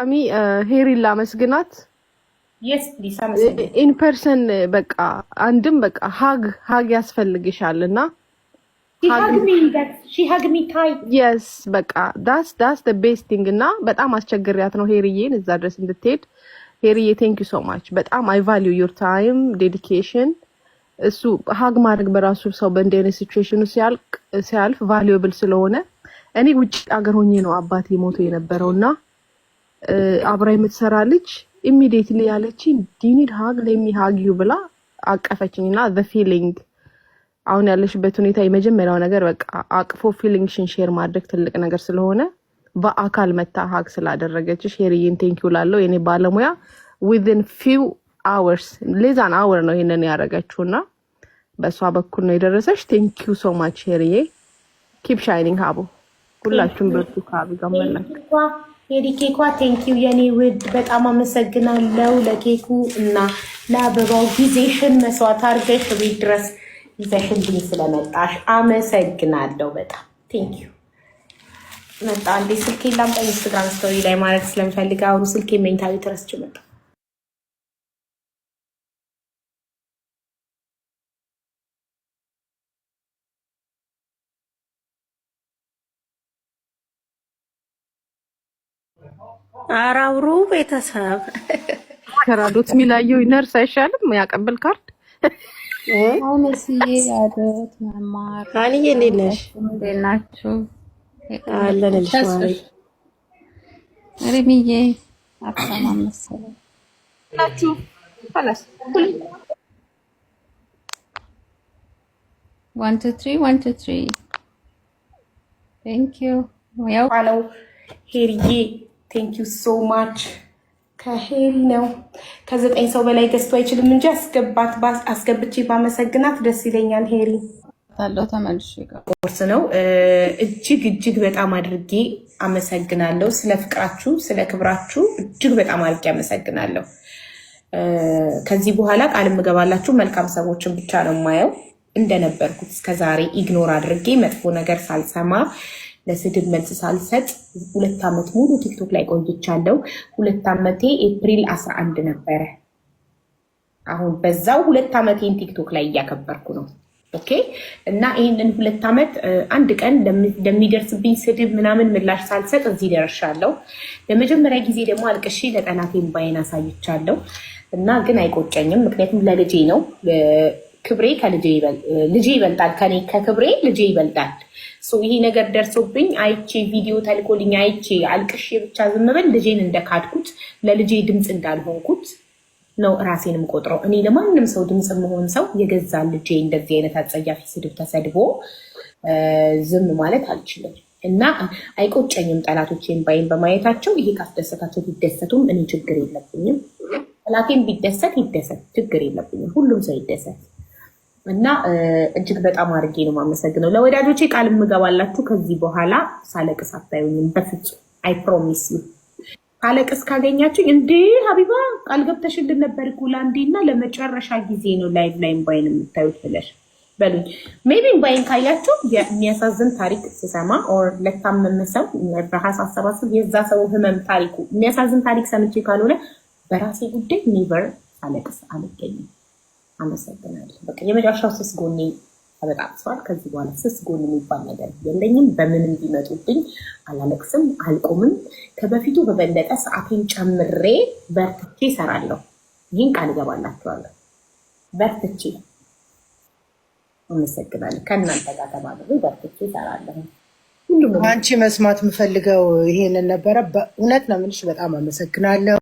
አጋጣሚ ሄሪን ላመስግናት ኢንፐርሰን በቃ አንድም በቃ ሀግ ሀግ ያስፈልግሻል እና የስ በቃ ዳስ ዳስ ቤስቲንግ እና በጣም አስቸግሪያት ነው ሄሪዬን እዛ ድረስ እንድትሄድ። ሄሪዬ ቴንክ ዩ ሶ ማች በጣም አይ ቫሊዩ ዮር ታይም ዴዲኬሽን። እሱ ሀግ ማድረግ በራሱ ሰው በእንዲህ አይነት ሲያልቅ ሲያልፍ ቫሊዩብል ስለሆነ እኔ ውጭ አገር ሆኜ ነው አባት ሞቶ የነበረው እና አብራ የምትሰራ ልጅ ኢሚዲየትሊ ያለችኝ ዲኒድ ሀግ ለሚ ሀግ ዩ ብላ አቀፈችኝ እና ዘ ፊሊንግ አሁን ያለሽበት ሁኔታ የመጀመሪያው ነገር በቃ አቅፎ ፊሊንግሽን ሼር ማድረግ ትልቅ ነገር ስለሆነ በአካል መታ ሀግ ስላደረገችሽ ሄርዬን ቴንኪው ላለው የኔ ባለሙያ ዊዝን ፊው አወርስ ሌዛን አወር ነው ያደረገችው ያደረገችውና በእሷ በኩል ነው የደረሰች። ቴንኪ ሶ ማች ሼርዬ ኪፕ ሻይኒንግ ሀቡ ሁላችሁም በርቱ ከሀቢ ጋር መላክ ሄዲ ኬኳ ቴንኪው የኔ ውድ በጣም አመሰግናለው ለኬኩ እና ለአበባው ጊዜሽን መስዋዕት አድርገሽ ቤት ድረስ ይዘሽልኝ ስለመጣሽ አመሰግናለው በጣም ቴንኪው። መጣ እንዴ ስልኬ ላምጣ። ኢንስትግራም ስቶሪ ላይ ማለት ስለምፈልግ አሁኑ ስልኬ መኝታ ቤት ረስቼ መጣ። አራውሩ ቤተሰብ ከራዶት ሚላየው ነርስ አይሻልም? ያቀብል ካርድ አዶት ዋን ቱ ትሪ ዋን ቱ ትሪ ቴንክ ዩ ያው ሄርዬ ቴንክ ዩ ሶ ማች ከሄሪ ነው። ከዘጠኝ ሰው በላይ ገዝቶ አይችልም እንጂ አስገባት አስገብቼ ባመሰግናት ደስ ይለኛል። ሄሪ ቁርስ ነው። እጅግ እጅግ በጣም አድርጌ አመሰግናለሁ ስለ ፍቅራችሁ፣ ስለ ክብራችሁ እጅግ በጣም አድርጌ አመሰግናለሁ። ከዚህ በኋላ ቃል የምገባላችሁ መልካም ሰዎችን ብቻ ነው የማየው። እንደነበርኩት እስከዛሬ ኢግኖር አድርጌ መጥፎ ነገር ሳልሰማ ለስድብ መልስ ሳልሰጥ ሁለት ዓመት ሙሉ ቲክቶክ ላይ ቆይቻለሁ። ሁለት ዓመቴ ኤፕሪል 11 ነበረ። አሁን በዛው ሁለት ዓመቴን ቲክቶክ ላይ እያከበርኩ ነው። ኦኬ እና ይህንን ሁለት ዓመት አንድ ቀን ለሚደርስብኝ ስድብ ምናምን ምላሽ ሳልሰጥ እዚህ ደርሻለሁ። ለመጀመሪያ ጊዜ ደግሞ አልቅሺ ለጠናቴን ባይን አሳይቻለሁ እና ግን አይቆጨኝም፣ ምክንያቱም ለልጄ ነው ክብሬ ልጄ ይበልጣል ከኔ ከክብሬ ልጄ ይበልጣል። ይሄ ነገር ደርሶብኝ አይቼ ቪዲዮ ተልኮልኝ አይቼ አልቅሼ ብቻ ዝም ብል ልጄን እንደካድኩት ለልጄ ድምፅ እንዳልሆንኩት ነው ራሴንም ቆጥረው። እኔ ለማንም ሰው ድምፅ መሆን ሰው የገዛ ልጄ እንደዚህ አይነት አጸያፊ ስድብ ተሰድቦ ዝም ማለት አልችልም እና አይቆጨኝም። ጠላቶቼን ባይን በማየታቸው ይሄ ካስደሰታቸው ቢደሰቱም እኔ ችግር የለብኝም። ጠላቴን ቢደሰት ይደሰት፣ ችግር የለብኝም። ሁሉም ሰው ይደሰት። እና እጅግ በጣም አድርጌ ነው የማመሰግነው። ለወዳጆቼ ቃል የምገባላችሁ ከዚህ በኋላ ሳለቅስ አታዩኝም፣ በፍጹም አይ ፕሮሚስ ዩ። ካለቅስ ካገኛችሁ እንዴ ሀቢባ ቃል ገብተሽልን ነበር እኮ እና ለመጨረሻ ጊዜ ነው ላይቭ ላይ እምባይን የምታዩት ብለሽ በሉኝ። ሜቢ እምባይን ካያችሁ የሚያሳዝን ታሪክ ስሰማ ኦር ለታመመ ሰው በሀሳ አሰባሰብ የዛ ሰው ህመም ታሪኩ የሚያሳዝን ታሪክ ሰምቼ ካልሆነ በራሴ ጉዳይ ኔቨር ሳለቅስ አልገኝም። አመሰግናለሁ። በቃ የመጨረሻው ስስ ጎኔ ተበጣጥሷል። ከዚህ በኋላ ስስ ጎን የሚባል ነገር የለኝም። በምንም ቢመጡብኝ አላለቅስም፣ አልቆምም። ከበፊቱ በበለጠ ሰዓቴን ጨምሬ በርትቼ ይሰራለሁ። ይህን ቃል እገባላችኋለሁ። በርትቼ አመሰግናለሁ። ከእናንተ ጋር ተባብሬ በርትቼ ይሰራለሁ። አንቺ መስማት የምፈልገው ይሄንን ነበረ። በእውነት ነው የምልሽ። በጣም አመሰግናለሁ።